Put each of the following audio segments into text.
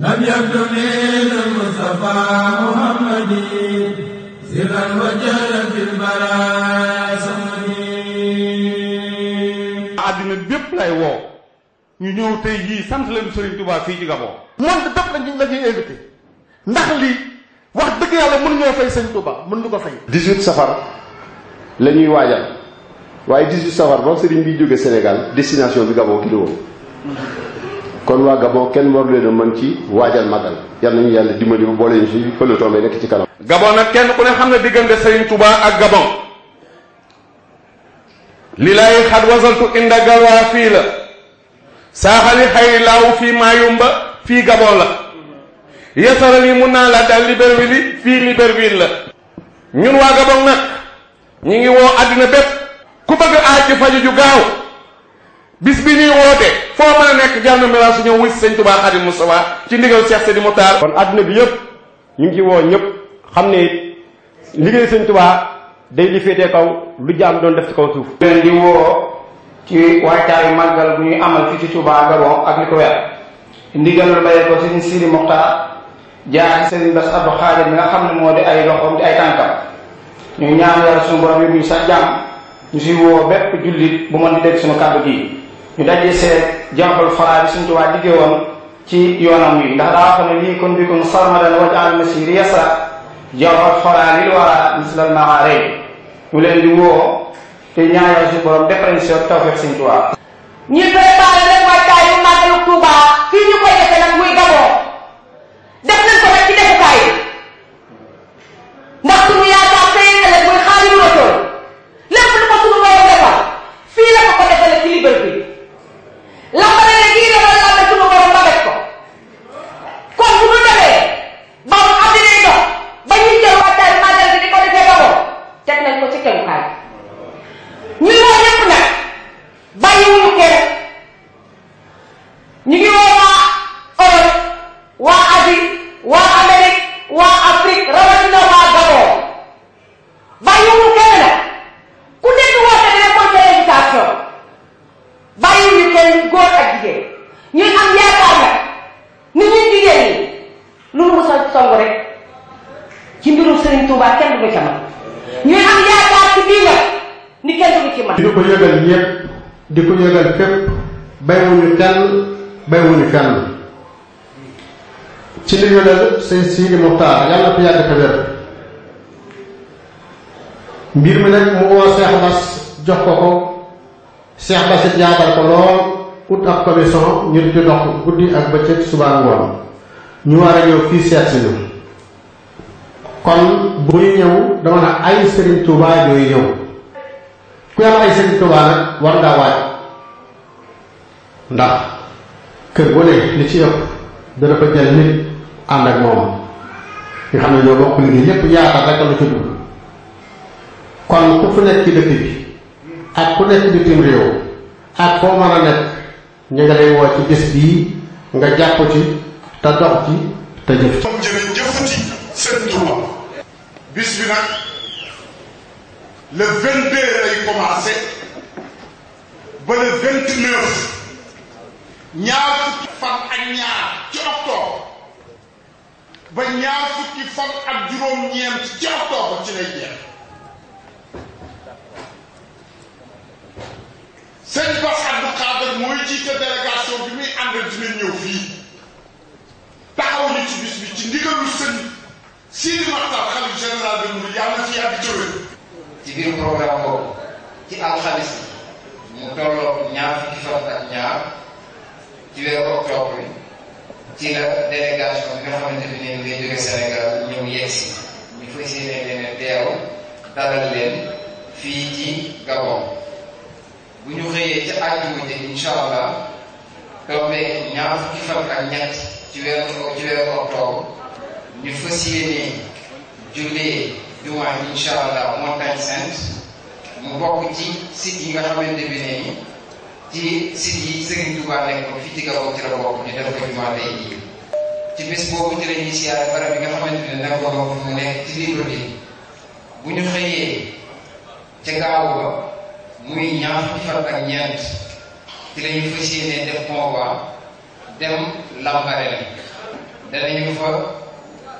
لم يكن المصطفى محمد سرا وجل في البرايا صمدي àddina bépp lay woo ñu ñëw tey jii sant leen Serigne Touba fii ci Gabon. monde bépp lañ la ñuy invité ndax lii wax dëgg yàlla mën ñoo fay Serigne Touba mën lu ko fay. 18 safar la ñuy waajal waaye 18 safar ba Serigne bi jóge Sénégal destination bi Gabon ki la woon. kon waa Gabon kenn war leen mën ci waajal màggal yal nañu yàlla dimbali ba boole ñu si peloton nekk ci kanam. Gabon nag kenn ku ne xam na diggante Serigne Touba ak Gabon li lay xat wasantu inda gawaa fii la saaxali xay laaw fii Mayumba fii Gabon la yasaral yi mun naa laa daal Libreville fii Libreville la. ñun waa Gabon nag ñu ngi woo àddina bépp ku bëgg aaj ci faju ju gaaw. bis bi ñuy woote foo mën a nekk jar na mela su ñëw wuy si sëñ Tuubaa bi yëpp ñu ngi ci woo ñëpp xam ne liggéey sëñ Tuubaa day li féetee kaw lu jaam doon def ci kaw suuf leen di woo ci waajtaayu màggal ñuy amal fii ci Touba Gabon ak li ko weer ndigal la bàyyi ko sëñ Sidi Muxtaar jaar ci sëriñ Bass Abdou Khadre nga xam ne moo di ay loxoom di ay tànkam ñu ñaan yàlla suñu borom yi ñu sax jàmm ñu si woo bépp jullit bu mën di dégg suñu kàddu gi ñu dajee seet jàppal xolaa bi suñ ci waa diggee woon ci yoonam wi ndax daa xam ne lii kon bi kon sarmadan wajal masiri yasa jàppal xolaa lil wara mislal maxaarey ñu leen di te ñaanal si borom defal ñu seen tawfiq ci mbiru Serigne Touba kenn du ko ci man ñu am yaakaar ci bii nag ni kenn du ko ci man di ko yëgal ñëpp di ko yëgal fépp bayiwuñu kenn bayiwuñu fenn ci li ñu dal sey Sidi Mokhtar yalla ko yaaka te wér mbir mi nak mu woo Cheikh Bass jox ko ko Cheikh Bass it yaatal ko lool ut ab commission ñu di dox guddi ak bëccëg subhanallah ñu wara a ñëw fii seet ñu kon bu ñëw dama ne ay Serigne Touba ñooy ñëw ku am ay Serigne Touba nag war ngaa waaj ndax kër gu ne li ci yëpp dana fa jël nit ànd ak moom nga xam ne ñoo bokk liggéey lépp yaatal rek ci dugg kon ku fu nekk ci dëkk bi ak ku nekk bitim réew ak foo mën a nekk ñu lay woo ci bés bii nga jàpp ci te dox ci te jëf. bis bi nag le 22 lay commencé ba le 29 ñaar fukki fan ak ñaar ci octobre ba ñaar fukki fan ak juróom-ñeent ci octobre ci lay jeex sëñ Bass Abdou Khadre mooy jiite délégation bi muy àndal dina ñëw fii taxaw ñu ci bis bi ci ndigalu Sidi Maxtaar xalifa général de Mouride yàlla na fi yàgg jóge ci biir programme boobu ci alxamis mu tolloo ñaar fukki fan ak ñaar ci weeru octobre bi ci la délégation bi nga xam ne nii ngay jóge Sénégal ñëw yegg si ñu fas yéene leen a teew dalal leen fii ci Gabon bu ñu xëyee ci àjjuma ji incha allah tombee ñaar fukki fan ak ñett ci weeru ci weeru octobre. ñu fas yéene jullee jumaa incha allah montagne sainte mu bokk ci site yi nga xamante bi ne ci site yi Serigne Touba nekk ko fi ci Gabon ci la bokk ñu def ko jumaa tey jii ci bés boobu ci la siyaare barab bi nga xamante ne nag booba mu nekk ci libre bi bu ñu xëyee ca gaaw ba muy ñaar fukki fan ak ñeent ci la ñu fas yéene def convoi dem Lambaréné danañu fa.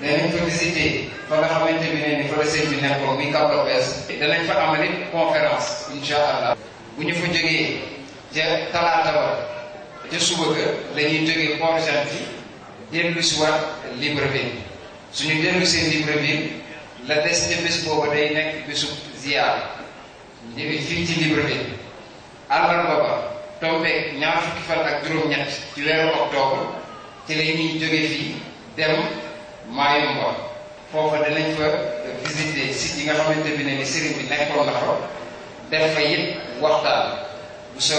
nee nañ ko visité fa nga xamante bi ne ni fa la sëñ bi nekkoon muy Kaolack fa amal it conférence allah bu ñu fa jógee ca talaata ba ca suba ga la jógee Port-Gentil dellu si waat suñu dellu seen Libreville la des ca bés boobu day nekk bésu ziar fii ci Libreville àllarba ba tombeek ñaar fukki fan ak juróom-ñett ci weeru octobre ci la fii dem Mayum Ngor foofa danañ fa de site yi nga xamante bi ne ni sëriñ bi nekkoon na fa def fa it waxtaan bu ci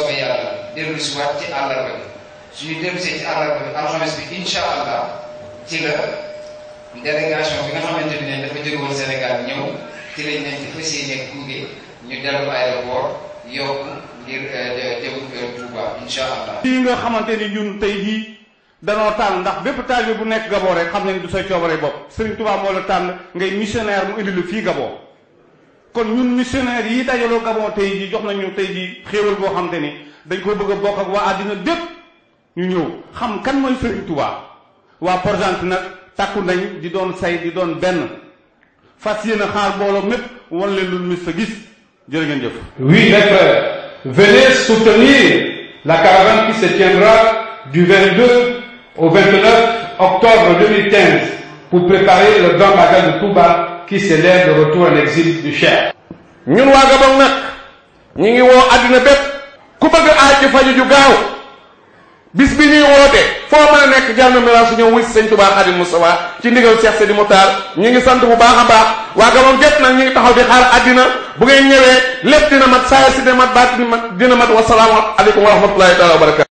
àllarba bi suñu dellu see ci àllarba bi alxames bi incha allah ci nga xamante bi ne dafa jógewoon Sénégal ñëw ci lañ leen di fas yéene gunge ñu dellu aéroport yokk ngir euh, jëm euh, Touba incha allah. lii nga xamante ni ñun tey jii. danoo tànn ndax bépp taalibe bu nekk Gabon rek xam ne du say coobare bopp Serigne Touba moo la tànn ngay missionnaire mu indi lu fii Gabon kon ñun missionnaire yi dajaloo Gabon tey jii jox nañu tey jii xéewal boo xam te ni dañ ko bëgg a bokk ak waa àddina bépp ñu ñëw xam kan mooy Serigne Touba waa Porgente nag takku nañ di doon say di doon benn fas yéene xaar mbooloo mépp wan leen lu mis sa gis jërë ngeen jëf. Oui, venez soutenir la caravane qui se tiendra du 22 au 29 octobre 2015 pour préparer le grand magal de Touba qui s'élève de retour en exil du chef.